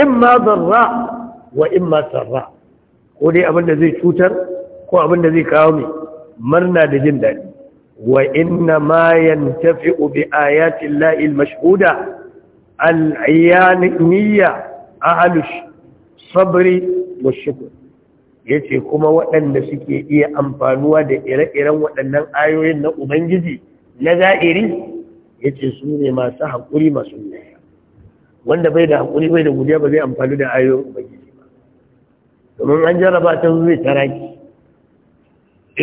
imma zarra wa imma sarra ko dai abin da zai cutar ko abin da zai kawo mai marna da jin daɗi wa inna ma yantafi'u bi ayatin la'il mashhuda al'ayaniyya ahalush sabri wa shukr yace kuma waɗanda suke iya amfanuwa da ire-iren waɗannan ayoyin na ubangiji na za'iri yace su ne masu haƙuri masu ne wanda bai da hakuri bai da godiya ba zai amfani da ayoyin ubangiji ba domin an jaraba ta zo zai taraki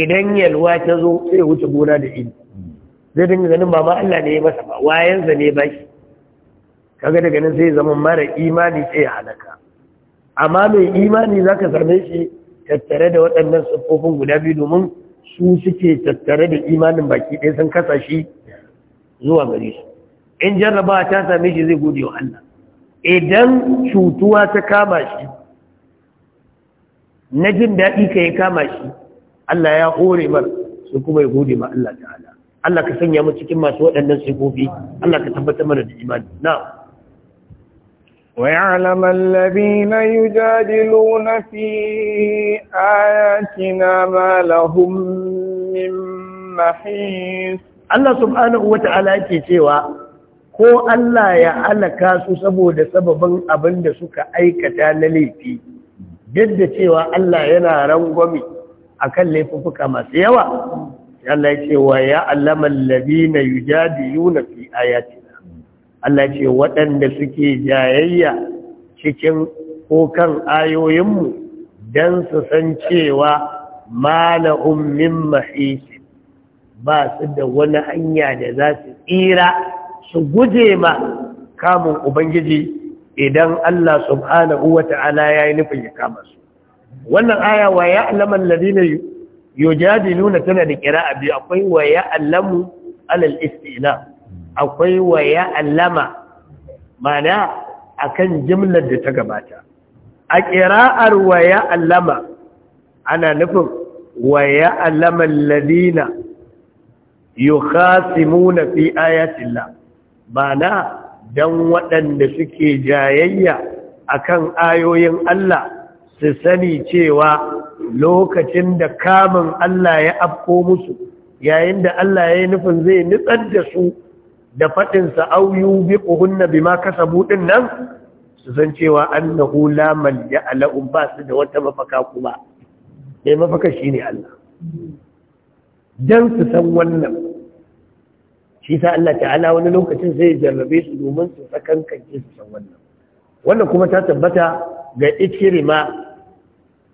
idan yalwa ta zo sai wuce gona da ido zai dinga ganin ba ma Allah ne ya masa ba wayansa ne ba shi kaga daga ganin sai zama mara imani sai ya halaka amma mai imani zaka same shi tattare da waɗannan siffofin guda biyu domin su suke tattare da imanin baki ɗaya sun kasa shi zuwa gare su in jarrabawa ta same shi zai gode wa Allah idan cutuwa ta kama shi na jin daɗi ka yi kama shi Allah ya hore mar su kuma ya gode ma Allah ta'ala Allah ka sanya mu cikin masu waɗannan sifofi Allah ka tabbatar mana da imani na ويعلم الذين يجادلون في آياتنا ما لهم من محيص Allah subhanahu wa ta'ala ke cewa ko Allah ya halaka su saboda sababin abin da suka aikata na laifi duk da cewa Allah yana rangwami a kan laifuka masu yawa Allah ya ce wa ya allama alladhina yujadiluna fi ayatina Allah ce waɗanda suke jayayya cikin ko kan ayoyinmu don su san cewa mala'um min ba su da wani hanya da za su tsira su guje ma kamun ubangiji idan Allah subhanahu ya yi nufin ya kama su wannan aya wa ya'lamu jadi nuna tana da kira bi akwai wa alamu alal istina akwai wa alama, mana akan jimlar da ta gabata a kira'ar wa alama ana nufin wa yi khasimu na fi ayatillah ba na don waɗanda suke jayayya a kan ayoyin Allah su sani cewa lokacin da kamun Allah ya afko musu yayin da Allah ya yi nufin zai nutsar da su da faɗinsa auyu bi ƙuhunna bi ma kasa buɗin nan su san cewa an na hula ya ala'un ba su da wata mafaka kuma mai mafaka shi ne Allah don su san wannan shi sa Allah ta'ala wani lokacin sai ya jarrabe su domin su tsakan kanke su san wannan wannan kuma ta tabbata ga ikirima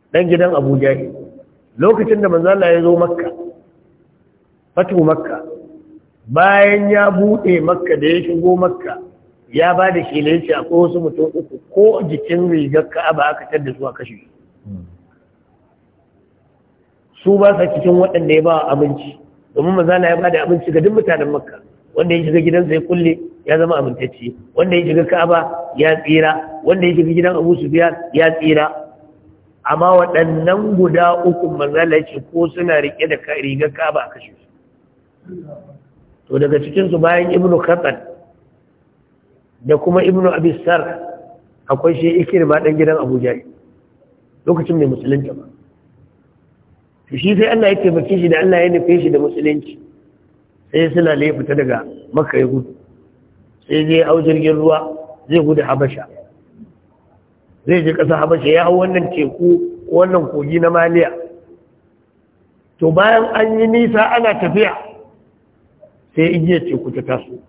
dan gidan Abu Jahil lokacin da manzo Allah ya zo Makka fatu Makka bayan ya bude Makka da ya shigo Makka ya ba da shi a kowace akwai wasu mutum uku ko jikin rigar Ka'aba aka tar da su a kashe su hmm. ba sa cikin waɗanda ya ba abinci domin na ya da abinci ga duk mutanen makka wanda ya shiga gidansa ya kulle ya zama amintacce wanda ya shiga ka'aba ya tsira wanda ya shiga gidan abu sufyan ya tsira amma waɗannan guda uku maza ya ce ko suna riƙe da rigar ka'aba a kashe su to daga cikinsu bayan ibnu khatan da kuma ibnu abisar akwai shi ikirma ɗan gidan abuja lokacin mai musulunta ba to shi sai Allah ya taimake shi da Allah ya nufe shi da musulunci sai suna ya fita daga makka ya gudu sai zai hau jirgin ruwa zai gudu habasha zai je ƙasa habasha ya hau wannan teku wannan kogi na maliya to bayan an yi nisa ana tafiya sai igiyar teku ta taso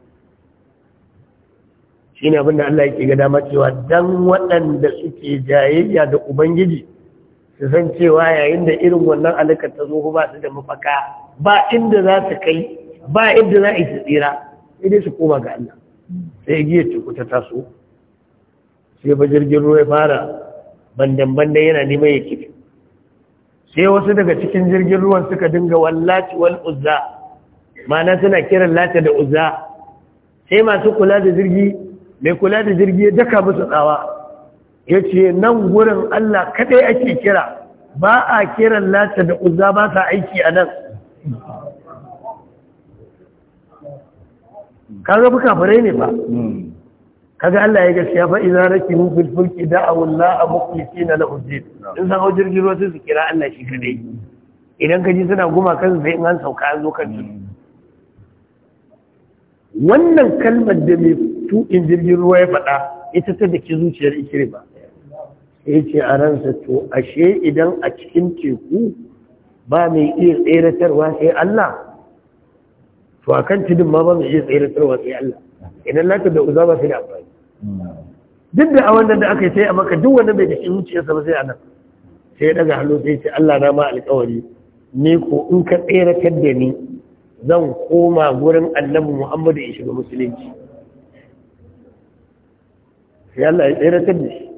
shi ne abinda Allah yake ga gada cewa dan waɗanda suke jayayya da ubangiji su san cewa yayin da irin wannan alakar ta zo ba su da mafaka ba inda za su kai ba inda za a yi su tsira sai dai su koma ga Allah sai giyar teku ta taso sai ba jirgin ruwa ya fara bandan-bandan yana neman ya kifi sai wasu daga cikin jirgin ruwan suka dinga wallaci wal uzza ma'ana suna kiran lata da uzza sai masu kula da jirgi mai kula da jirgi ya daka musu tsawa ya ce nan gurin Allah kadai ake kira ba a kiran lata da uzza ba ta aiki a nan kaga buka fure ne ba kaga Allah ya gaskiya fa idza rakibu fil fulki da'u Allah muqlisina la din in san hau jirgin ruwa su kira Allah shi kadai idan ka ji suna guma kan sai in an sauka an zo kan su wannan kalmar da mai tu jirgin ruwa ya faɗa ita ta ke zuciyar ikirba ya ce a ransa to ashe idan a cikin teku ba mai iya tseratarwa sai Allah to a kan tudun ma ba mai iya tseratarwa sai Allah idan laka da uza ba sai da amfani duk da a wannan da aka yi sai a maka duk wani bai da cikin zuciyarsa ba sai a nan sai ya daga hannu sai ce Allah na ma alƙawari ni ko in ka tseratar da ni zan koma gurin annabi Muhammadu ya shiga musulunci sai Allah ya tseratar da shi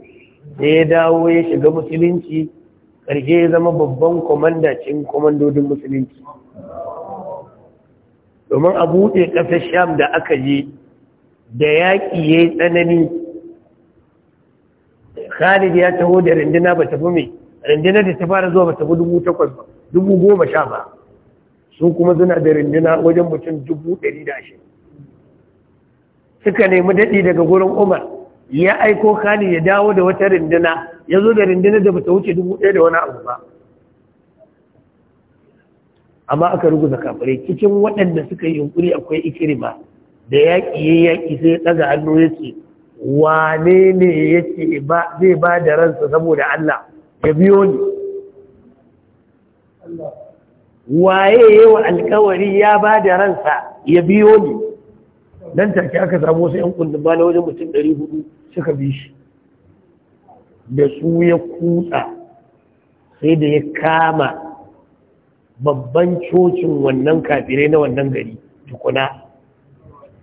da ya dawo ya shiga musulunci ƙarshe ya zama babban kwamanda cin kwamandodin musulunci domin a buɗe ƙasar sham da aka je da yaƙi ya yi tsanani khalid ya taho da rindina ba tafi mai rindina da ta fara zuwa ba tafi dubu takwas ba dubu goma sha ba su kuma suna da rindina wajen mutum dubu ɗari da ashirin suka nemi daɗi daga gurin umar ya aiko kani ya dawo da wata rindina ya zo da rinduna da bata wuce dubu ɗaya da wani abu ba amma aka ruguza kafirai cikin waɗanda suka yi yunkuri akwai ikirima da yaƙi ya yaƙi sai ɗaga hannu ya ce wane ne ya ce zai ba da ransa saboda Allah ya biyo ni waye yawa alkawari ya ba da ransa ya biyo ni nan take aka samu wasu 'yan kundin ba na wajen mutum 400 suka bi shi da su ya kutsa sai da ya kama babban cocin wannan kafirai na wannan gari tukuna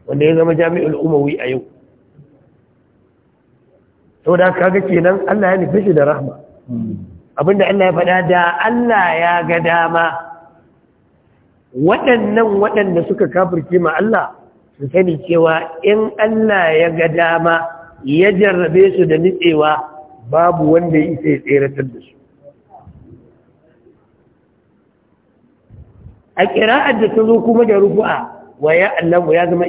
wanda ya zama jami'ul umawi a yau sau da kaga kenan Allah ya nufi shi da rahma abinda Allah ya faɗa da Allah ya ga dama waɗannan waɗanda suka kafirke ma Allah su sani cewa in Allah ya ga dama ya jarrabe su da nitsewa babu wanda isa ya tseratar da su a kira da ta zo kuma da rufu'a wa ya ya zama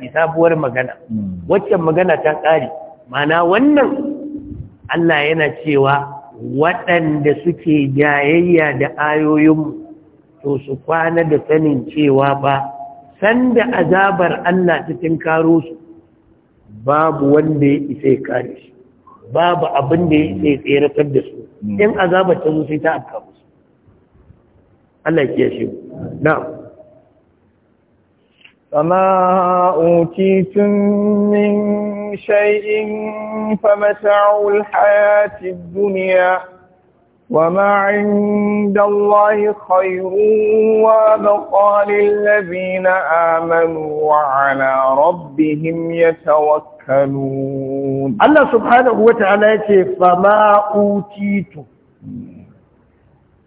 fi sabuwar magana waccan magana ta ƙare mana wannan Allah yana cewa waɗanda suke jayayya da ayoyinmu to su kwana da sanin cewa ba sanda azabar Allah ta tinkaro su babu wanda ya isa ya kare shi babu abin da ya isa ya kar da su hmm. in azabar ta zo sai ta afka musu Allah ya shi na'am فما min shay'in fa mata'ul hayatid dunya وما عند الله خير وابقى للذين آمنوا وعلى ربهم يتوكلون الله سبحانه وتعالى فما أوتيت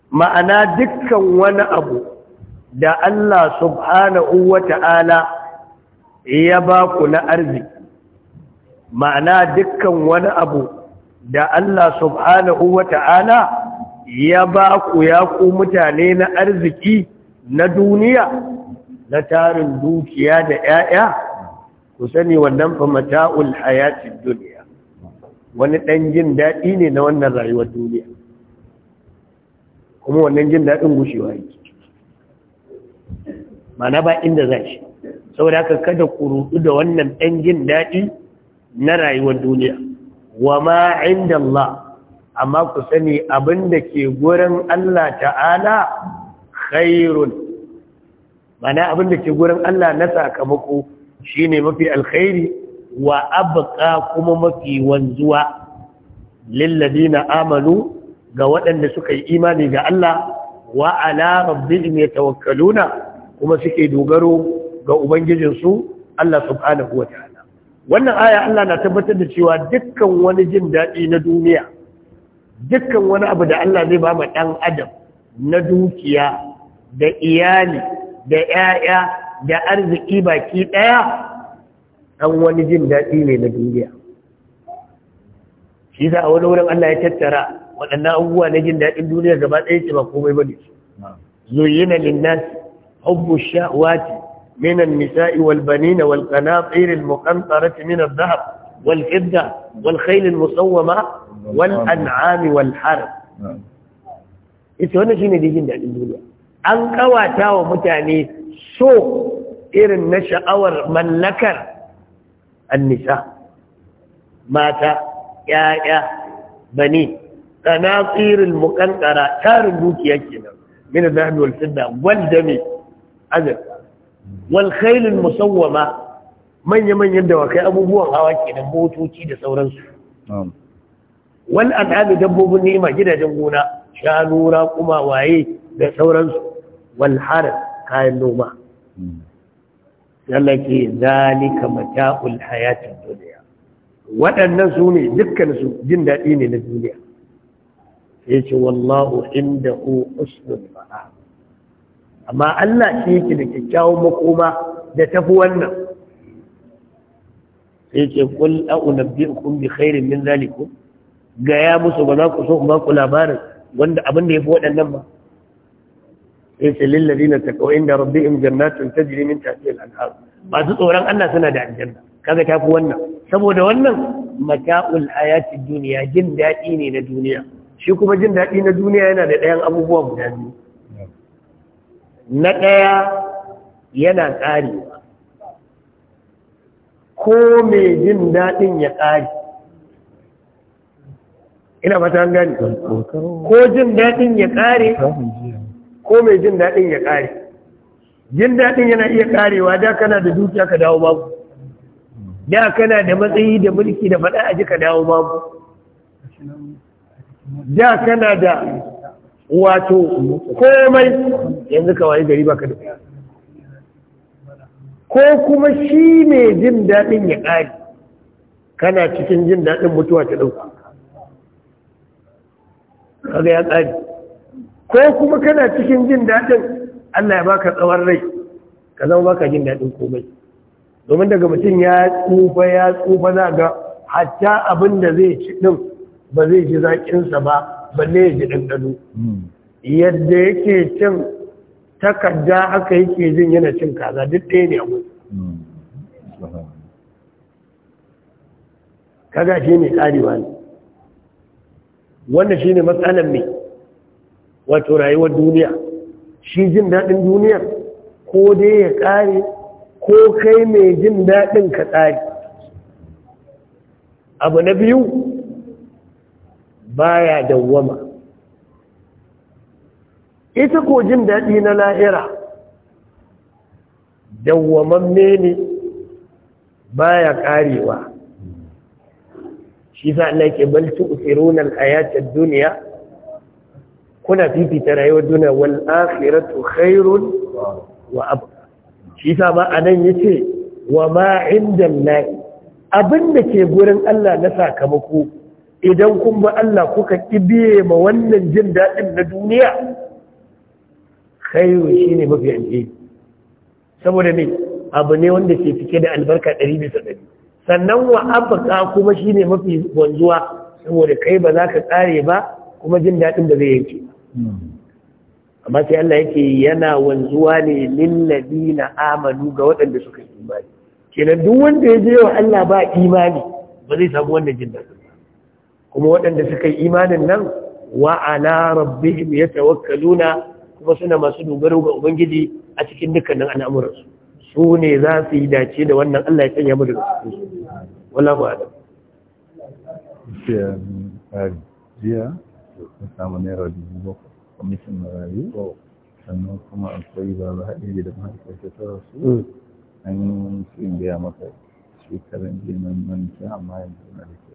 ma'ana dukkan wani abu da Allah subhanahu wa ta'ala ya ba ku na arziki ma'ana dukkan da Allah subhanahu wa ta'ala ya ba ku ya ku mutane na arziki na duniya na tarin dukiya da 'ya'ya ku sani wannan fa mata'ul hayatid dunya wani ɗan jin daɗi ne na wannan rayuwar duniya kuma wannan jin daɗin gushewa yake mana ba inda za shi saboda haka kada ku rudu da wannan ɗan jin daɗi na rayuwar duniya wa ma inda Allah amma ku sani abin da ke gurin Allah ta'ala khairun mana abin da ke gurin Allah na sakamako shine mafi alkhairi wa abuka kuma mafi wanzuwa na amalu ga waɗanda suka yi imani ga Allah wa ala rabbihim yatawakkaluna kuma suke dogaro ga ubangijinsu Allah subhanahu wataala wannan aya Allah na tabbatar da cewa dukkan wani jin daɗi na duniya dukkan wani abu da Allah zai ba ma ɗan adam na dukiya da iyali da ‘ya'ya da arziki baki ɗaya ɗan wani jin daɗi ne na duniya shi za a wani wurin Allah ya tattara waɗannan abubuwa na jin daɗin duniya gaba ɗaya ce ba komai ba ne zuyina linnas hubbu sha'wati من النساء والبنين والقناطير المقنطرة zahab, الذهب والفضة والخيل المصومة wal an'ami wal harb ita wannan shine digin daɗin duniya an kawata wa mutane so irin na sha'awar mallakar annisa mata ya'ya bani tanatsirul muƙanƙara, tarin dukiya kenan min al-dhahab wal fidda wal dami azab wal khayl al-musawwama manya manyan kai abubuwan hawa kenan motoci da sauransu wal al'adu dabbobin ni'ima gidajen gona shanu kuma waye da sauransu wal kayan noma hmm. Allah ke zalika mata'ul hayatin duniya waɗannan su ne jin daɗi ne na duniya sai ce wallahu inda ku usnul ma'a amma Allah shi yake da kyakkyawan makoma da tafi wannan sai ce kul a'unabbi'ukum bi khairin min zalikum gaya musu ba za ku so ba ku labarin wanda abin da ya fi waɗannan ba in tsilin na ta kawai inda rabbi in jannatin ta jiri min tafiyar al'adu masu tsoron allah suna da aljanna kaga ta fi wannan saboda wannan mata'ul ayatin duniya jin daɗi ne na duniya shi kuma jin daɗi na duniya yana da ɗayan abubuwa guda biyu na ɗaya yana ƙarewa ko mai jin daɗin ya ƙare ina fata an gani ko jin daɗin ya ƙare ko mai jin daɗin ya ƙare jin daɗin yana iya ƙarewa da kana da dukiya ka dawo babu da kana da matsayi da mulki da faɗa aji ka dawo babu da kana da wato komai yanzu ka wayi gari baka da ko kuma shi ne jin daɗin ya ƙare kana cikin jin daɗin mutuwa ta ɗauka kaga ya tsari ko kuma kana cikin jin daɗin Allah ya baka tsawon rai ka zama baka jin daɗin komai domin daga mutum ya tsufa ya tsufa za ga hatta abin da zai ci ɗin ba zai ji zaƙinsa ba balle ya ji ɗanɗano yadda yake cin takarda haka yake jin yana cin kaza duk ɗaya ne a hmm. kaga shi ne tsari ne wannan ne matsalan mai wato rayuwar duniya shi jin daɗin duniya ko dai ya ƙare ko kai mai jin daɗin ka tsari abu na biyu baya dawwama ita ko jin daɗi na la'ira dawwamamme ne baya ƙarewa shi sa Allah yake bal tu'thiruna al-hayata ad-dunya kuna fifita rayuwar duniya wal akhiratu khairun wa ab shi sa ba anan yace wa ma Allah abinda ke gurin Allah na sakamako idan kun ba Allah kuka kibiye ma wannan jin dadin na duniya khairu shine mafi alheri saboda ne abu ne wanda ke cike da albarka 100% sannan wa abaka kuma shine mafi wanzuwa saboda kai ba za ka tsare ba kuma jin daɗin da zai yanke amma sai Allah yake yana wanzuwa ne lillazina amanu ga waɗanda suka yi imani kenan duk wanda ya je wa Allah ba imani ba zai samu wanda jin daɗin ba kuma waɗanda suka yi imanin nan wa ala rabbihim yatawakkaluna kuma suna masu dogaro ga ubangiji a cikin dukkanin al'amuransu su ne za su yi dace da wannan Allah ya sanya mu daga su wala ba da jiya mun samu naira dubu bakwai marayu sannan kuma akwai baba haɗe da mahaifiyarsa ta rasu mm. an yi sun gaya maka shekarun jinan manta amma yanzu na